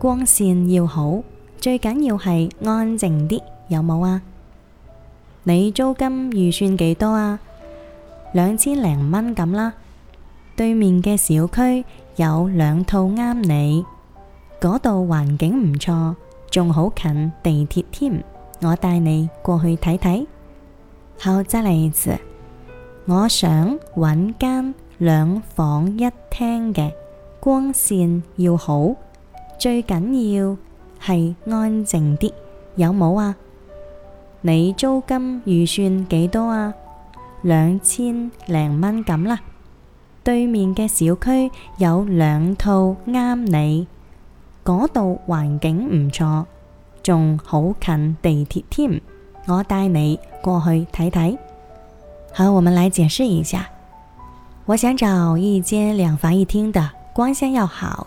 光線要好，最緊要係安靜啲，有冇啊？你租金預算幾多啊？兩千零蚊咁啦。對面嘅小區有兩套啱你，嗰度環境唔錯，仲好近地鐵添。我帶你過去睇睇。好，再嚟一次，我想揾間兩房一廳嘅，光線要好。最緊要係安靜啲，有冇啊？你租金預算幾多啊？兩千零蚊咁啦。對面嘅小區有兩套啱你，嗰度環境唔錯，仲好近地鐵添。我帶你過去睇睇。好，我們來解釋一下。我想找一間兩房一廳的，光綫又好。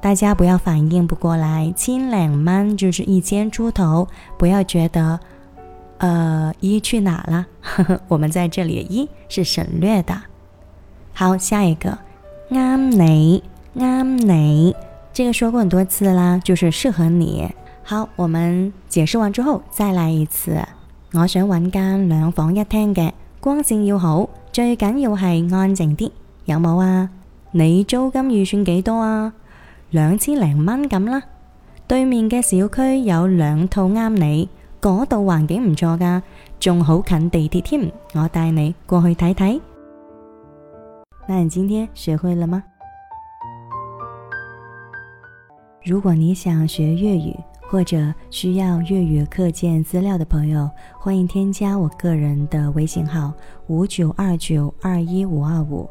大家不要反應不過來，千零蚊就是一千出頭，不要覺得，呃，一去哪了？ 我們在這裏一是省略的。好，下一個，啱你，啱你，這個說過很多次啦，就是適合你。好，我們解釋完之後再來一次。我想揾間兩房一廳嘅，光綫要好，最緊要係安靜啲，有冇啊？你租金預算幾多啊？兩千零蚊咁啦，對面嘅小區有兩套啱你，嗰度環境唔錯噶，仲好近地鐵添，我帶你過去睇睇。那你今天學會了嗎？如果你想學粵語或者需要粵語課件資料的朋友，歡迎添加我個人的微信號五九二九二一五二五。